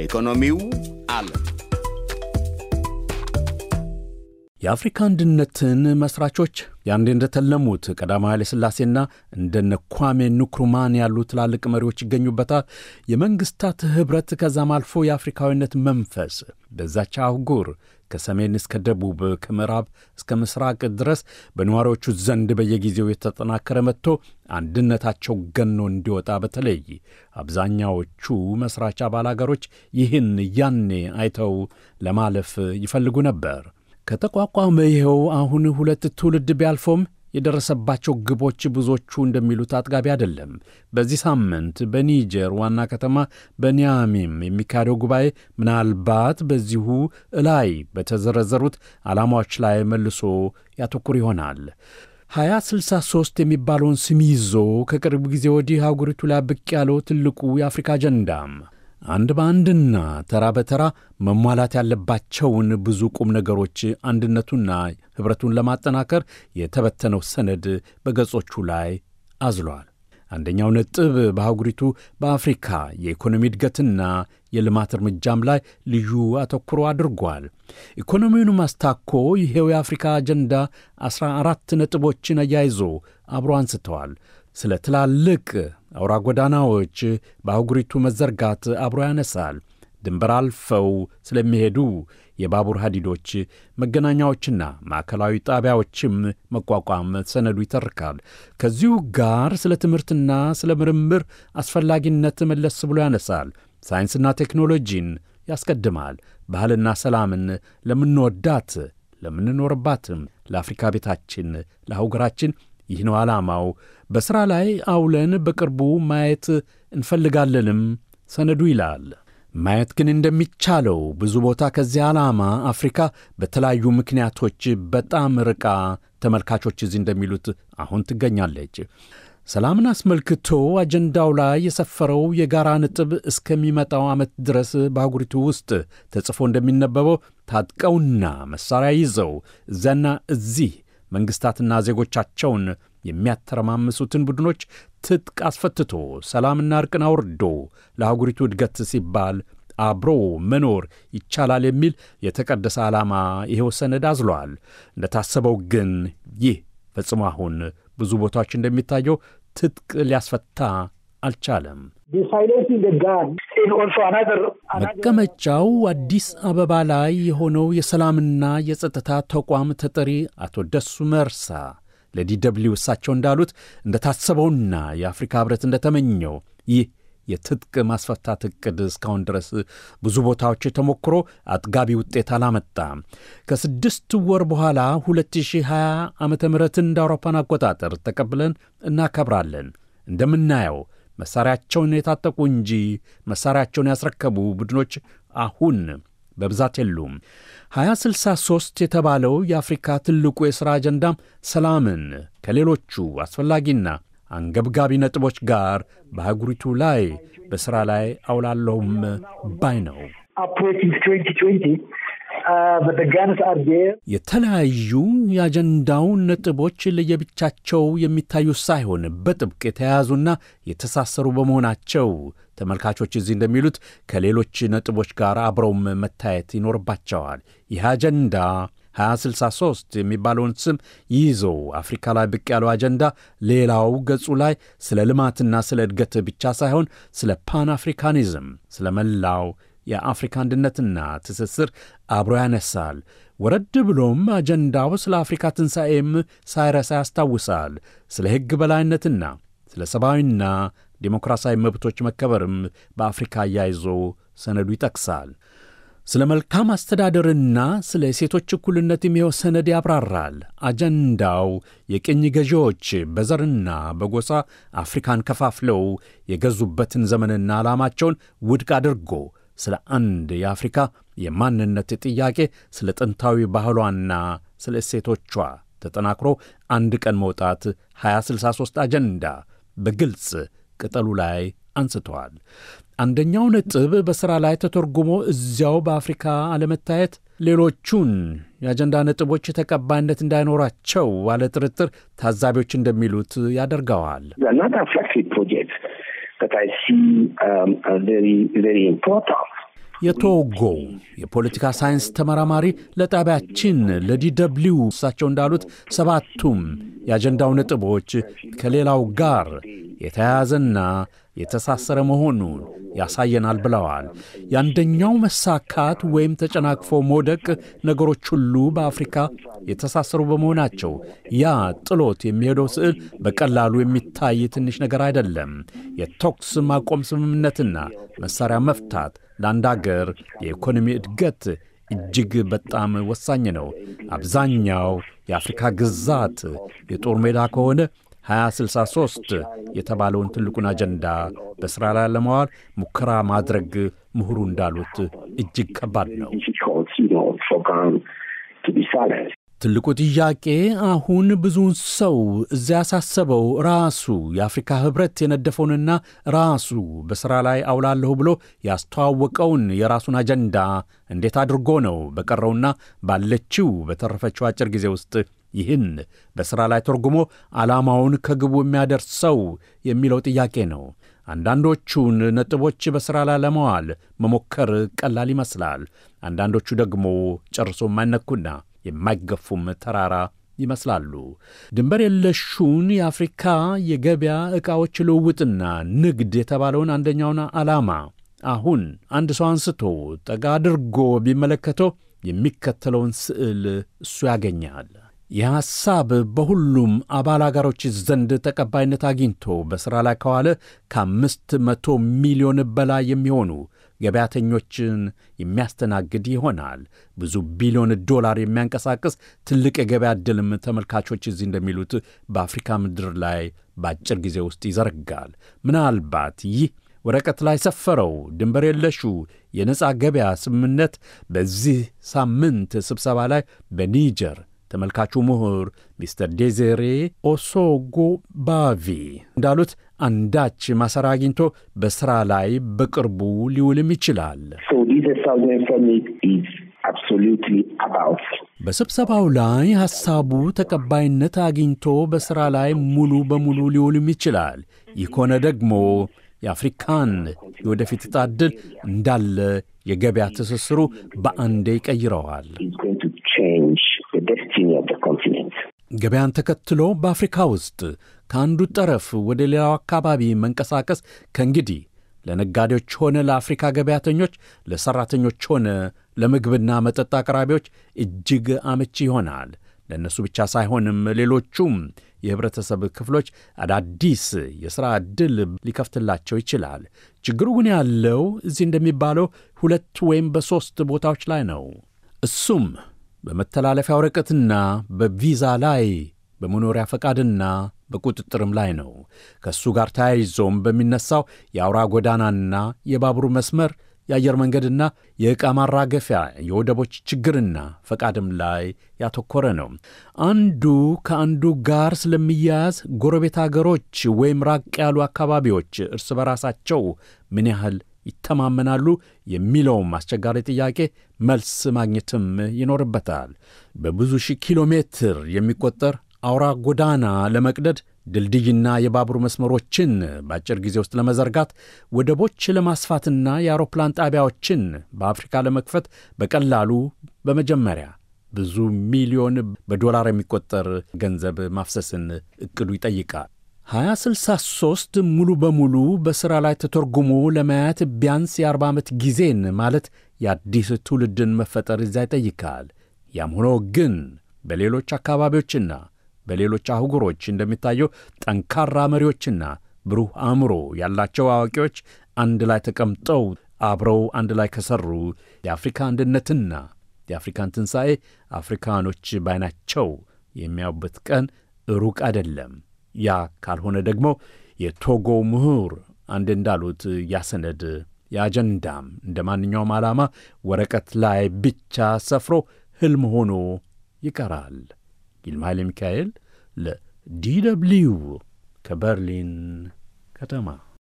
Economiu Alan. የአፍሪካ አንድነትን መስራቾች ያንዴ እንደተለሙት ቀዳማዊ ኃይለ ሥላሴና እንደነ ኳሜ ንክሩማን ያሉ ትላልቅ መሪዎች ይገኙበታል። የመንግሥታት ኅብረት ከዛም አልፎ የአፍሪካዊነት መንፈስ በዛች አህጉር ከሰሜን እስከ ደቡብ ከምዕራብ እስከ ምስራቅ ድረስ በነዋሪዎቹ ዘንድ በየጊዜው የተጠናከረ መጥቶ አንድነታቸው ገኖ እንዲወጣ በተለይ አብዛኛዎቹ መሥራች አባል አገሮች ይህን ያኔ አይተው ለማለፍ ይፈልጉ ነበር። ከተቋቋመ ይኸው አሁን ሁለት ትውልድ ቢያልፎም የደረሰባቸው ግቦች ብዙዎቹ እንደሚሉት አጥጋቢ አይደለም። በዚህ ሳምንት በኒጀር ዋና ከተማ በኒያሚም የሚካሄደው ጉባኤ ምናልባት በዚሁ እላይ በተዘረዘሩት ዓላማዎች ላይ መልሶ ያተኩር ይሆናል። 2063 የሚባለውን ስም ይዞ ከቅርብ ጊዜ ወዲህ አህጉሪቱ ላይ ብቅ ያለው ትልቁ የአፍሪካ አጀንዳም አንድ በአንድና ተራ በተራ መሟላት ያለባቸውን ብዙ ቁም ነገሮች አንድነቱና ኅብረቱን ለማጠናከር የተበተነው ሰነድ በገጾቹ ላይ አዝሏል። አንደኛው ነጥብ በአህጉሪቱ በአፍሪካ የኢኮኖሚ እድገትና የልማት እርምጃም ላይ ልዩ አተኩሮ አድርጓል። ኢኮኖሚውን ማስታኮ ይሄው የአፍሪካ አጀንዳ ዐሥራ አራት ነጥቦችን አያይዞ አብሮ አንስተዋል። ስለ ትላልቅ አውራ ጎዳናዎች በአህጉሪቱ መዘርጋት አብሮ ያነሳል። ድንበር አልፈው ስለሚሄዱ የባቡር ሀዲዶች፣ መገናኛዎችና ማዕከላዊ ጣቢያዎችም መቋቋም ሰነዱ ይተርካል። ከዚሁ ጋር ስለ ትምህርትና ስለ ምርምር አስፈላጊነት መለስ ብሎ ያነሳል። ሳይንስና ቴክኖሎጂን ያስቀድማል። ባህልና ሰላምን ለምንወዳት ለምንኖርባትም ለአፍሪካ ቤታችን ለአህጉራችን ይህ ነው ዓላማው። በሥራ ላይ አውለን በቅርቡ ማየት እንፈልጋለንም ሰነዱ ይላል። ማየት ግን እንደሚቻለው ብዙ ቦታ ከዚህ ዓላማ አፍሪካ በተለያዩ ምክንያቶች በጣም ርቃ ተመልካቾች እዚህ እንደሚሉት አሁን ትገኛለች። ሰላምን አስመልክቶ አጀንዳው ላይ የሰፈረው የጋራ ነጥብ እስከሚመጣው ዓመት ድረስ በአህጉሪቱ ውስጥ ተጽፎ እንደሚነበበው ታጥቀውና መሣሪያ ይዘው እዚያና እዚህ መንግሥታትና ዜጎቻቸውን የሚያተረማምሱትን ቡድኖች ትጥቅ አስፈትቶ ሰላምና እርቅን አውርዶ ለአህጉሪቱ እድገት ሲባል አብሮ መኖር ይቻላል የሚል የተቀደሰ ዓላማ ይሄው ሰነድ አዝሏል። እንደታሰበው ግን ይህ ፈጽሞ አሁን ብዙ ቦታዎች እንደሚታየው ትጥቅ ሊያስፈታ አልቻለም። መቀመጫው አዲስ አበባ ላይ የሆነው የሰላምና የጸጥታ ተቋም ተጠሪ አቶ ደሱ መርሳ ለዲደብሊው እሳቸው እንዳሉት እንደታሰበውና የአፍሪካ ህብረት እንደተመኘው ይህ የትጥቅ ማስፈታት እቅድ እስካሁን ድረስ ብዙ ቦታዎች ተሞክሮ አጥጋቢ ውጤት አላመጣም። ከስድስት ወር በኋላ 2020 ዓ ም እንደ አውሮፓን አቆጣጠር ተቀብለን እናከብራለን። እንደምናየው መሣሪያቸውን የታጠቁ እንጂ መሣሪያቸውን ያስረከቡ ቡድኖች አሁን በብዛት የሉም። 2063 የተባለው የአፍሪካ ትልቁ የሥራ አጀንዳ ሰላምን ከሌሎቹ አስፈላጊና አንገብጋቢ ነጥቦች ጋር በአህጉሪቱ ላይ በሥራ ላይ አውላለሁም ባይ ነው። የተለያዩ የአጀንዳውን ነጥቦች ለየብቻቸው የሚታዩ ሳይሆን በጥብቅ የተያያዙና የተሳሰሩ በመሆናቸው ተመልካቾች እዚህ እንደሚሉት ከሌሎች ነጥቦች ጋር አብረውም መታየት ይኖርባቸዋል። ይህ አጀንዳ 2063 የሚባለውን ስም ይዞ አፍሪካ ላይ ብቅ ያለው አጀንዳ ሌላው ገጹ ላይ ስለ ልማትና ስለ እድገት ብቻ ሳይሆን ስለ ፓን አፍሪካኒዝም ስለ መላው የአፍሪካ አንድነትና ትስስር አብሮ ያነሳል። ወረድ ብሎም አጀንዳው ስለ አፍሪካ ትንሣኤም ሳይረሳ ያስታውሳል። ስለ ሕግ በላይነትና ስለ ሰብአዊና ዴሞክራሲያዊ መብቶች መከበርም በአፍሪካ አያይዞ ሰነዱ ይጠቅሳል። ስለ መልካም አስተዳደርና ስለ ሴቶች እኩልነት የሚየው ሰነድ ያብራራል። አጀንዳው የቅኝ ገዢዎች በዘርና በጎሳ አፍሪካን ከፋፍለው የገዙበትን ዘመንና ዓላማቸውን ውድቅ አድርጎ ስለ አንድ የአፍሪካ የማንነት ጥያቄ ስለ ጥንታዊ ባህሏና ስለ እሴቶቿ ተጠናክሮ አንድ ቀን መውጣት 2063 አጀንዳ በግልጽ ቅጠሉ ላይ አንስተዋል። አንደኛው ነጥብ በሥራ ላይ ተተርጉሞ እዚያው በአፍሪካ አለመታየት ሌሎቹን የአጀንዳ ነጥቦች ተቀባይነት እንዳይኖራቸው አለ ጥርጥር ታዛቢዎች እንደሚሉት ያደርገዋል። that I see um, very, very important. የቶጎው የፖለቲካ ሳይንስ ተመራማሪ ለጣቢያችን ለዲደብሊው እሳቸው እንዳሉት ሰባቱም የአጀንዳው ነጥቦች ከሌላው ጋር የተያያዘና የተሳሰረ መሆኑን ያሳየናል ብለዋል። የአንደኛው መሳካት ወይም ተጨናክፎ መውደቅ ነገሮች ሁሉ በአፍሪካ የተሳሰሩ በመሆናቸው ያ ጥሎት የሚሄደው ስዕል በቀላሉ የሚታይ ትንሽ ነገር አይደለም። የተኩስ ማቆም ስምምነትና መሳሪያ መፍታት ለአንድ አገር የኢኮኖሚ እድገት እጅግ በጣም ወሳኝ ነው። አብዛኛው የአፍሪካ ግዛት የጦር ሜዳ ከሆነ 2063 የተባለውን ትልቁን አጀንዳ በሥራ ላይ ለማዋል ሙከራ ማድረግ ምሁሩ እንዳሉት እጅግ ከባድ ነው። ትልቁ ጥያቄ አሁን ብዙውን ሰው እዚያ ያሳሰበው ራሱ የአፍሪካ ኅብረት የነደፈውንና ራሱ በሥራ ላይ አውላለሁ ብሎ ያስተዋወቀውን የራሱን አጀንዳ እንዴት አድርጎ ነው በቀረውና ባለችው በተረፈችው አጭር ጊዜ ውስጥ ይህን በሥራ ላይ ተርጉሞ ዓላማውን ከግቡ የሚያደርሰው የሚለው ጥያቄ ነው። አንዳንዶቹን ነጥቦች በሥራ ላይ ለመዋል መሞከር ቀላል ይመስላል። አንዳንዶቹ ደግሞ ጨርሶ የማይነኩና የማይገፉም ተራራ ይመስላሉ። ድንበር የለሹን የአፍሪካ የገበያ ዕቃዎች ልውውጥና ንግድ የተባለውን አንደኛውን ዓላማ አሁን አንድ ሰው አንስቶ ጠጋ አድርጎ ቢመለከተው የሚከተለውን ስዕል እሱ ያገኛል። የሐሳብ በሁሉም አባል አገሮች ዘንድ ተቀባይነት አግኝቶ በሥራ ላይ ከዋለ ከአምስት መቶ ሚሊዮን በላይ የሚሆኑ ገበያተኞችን የሚያስተናግድ ይሆናል። ብዙ ቢሊዮን ዶላር የሚያንቀሳቅስ ትልቅ የገበያ ዕድልም ተመልካቾች እዚህ እንደሚሉት በአፍሪካ ምድር ላይ በአጭር ጊዜ ውስጥ ይዘረጋል። ምናልባት ይህ ወረቀት ላይ ሰፈረው ድንበር የለሹ የነፃ ገበያ ስምምነት በዚህ ሳምንት ስብሰባ ላይ በኒጀር ተመልካቹ ምሁር ሚስተር ዴዜሬ ኦሶጎ ባቪ እንዳሉት አንዳች ማሰራ አግኝቶ በስራ ላይ በቅርቡ ሊውልም ይችላል። በስብሰባው ላይ ሐሳቡ ተቀባይነት አግኝቶ በሥራ ላይ ሙሉ በሙሉ ሊውልም ይችላል። ይህ ከሆነ ደግሞ የአፍሪካን የወደፊት ዕጣ ዕድል እንዳለ የገበያ ትስስሩ በአንዴ ይቀይረዋል። ኮንቲኔንት ገበያን ተከትሎ በአፍሪካ ውስጥ ከአንዱ ጠረፍ ወደ ሌላው አካባቢ መንቀሳቀስ ከእንግዲህ ለነጋዴዎች ሆነ ለአፍሪካ ገበያተኞች፣ ለሠራተኞች ሆነ ለምግብና መጠጥ አቅራቢዎች እጅግ አመቺ ይሆናል። ለእነሱ ብቻ ሳይሆንም ሌሎቹም የህብረተሰብ ክፍሎች አዳዲስ የሥራ ዕድል ሊከፍትላቸው ይችላል። ችግሩ ግን ያለው እዚህ እንደሚባለው ሁለት ወይም በሦስት ቦታዎች ላይ ነው። እሱም በመተላለፊያ ወረቀትና በቪዛ ላይ በመኖሪያ ፈቃድና በቁጥጥርም ላይ ነው። ከእሱ ጋር ተያይዞም በሚነሳው የአውራ ጎዳናና የባቡሩ መስመር የአየር መንገድና የዕቃ ማራገፊያ የወደቦች ችግርና ፈቃድም ላይ ያተኮረ ነው። አንዱ ከአንዱ ጋር ስለሚያያዝ ጎረቤት አገሮች ወይም ራቅ ያሉ አካባቢዎች እርስ በራሳቸው ምን ያህል ይተማመናሉ የሚለውም አስቸጋሪ ጥያቄ መልስ ማግኘትም ይኖርበታል። በብዙ ሺህ ኪሎ ሜትር የሚቆጠር አውራ ጎዳና ለመቅደድ ድልድይና የባቡር መስመሮችን በአጭር ጊዜ ውስጥ ለመዘርጋት ወደቦች ለማስፋትና የአውሮፕላን ጣቢያዎችን በአፍሪካ ለመክፈት በቀላሉ በመጀመሪያ ብዙ ሚሊዮን በዶላር የሚቆጠር ገንዘብ ማፍሰስን እቅዱ ይጠይቃል። 2063 ሙሉ በሙሉ በሥራ ላይ ተተርጉሞ ለማየት ቢያንስ የ40 ዓመት ጊዜን ማለት የአዲስ ትውልድን መፈጠር እዛ ይጠይቃል። ያም ሆኖ ግን በሌሎች አካባቢዎችና በሌሎች አህጉሮች እንደሚታየው ጠንካራ መሪዎችና ብሩህ አእምሮ ያላቸው አዋቂዎች አንድ ላይ ተቀምጠው አብረው አንድ ላይ ከሠሩ የአፍሪካ አንድነትና የአፍሪካን ትንሣኤ አፍሪካኖች ባይናቸው የሚያዩበት ቀን ሩቅ አይደለም። ያ ካልሆነ ደግሞ የቶጎ ምሁር አንድ እንዳሉት ያሰነድ የአጀንዳም እንደ ማንኛውም ዓላማ ወረቀት ላይ ብቻ ሰፍሮ ሕልም ሆኖ ይቀራል። ይልማ ኃይለ ሚካኤል ለዲ ደብልዩ ከበርሊን ከተማ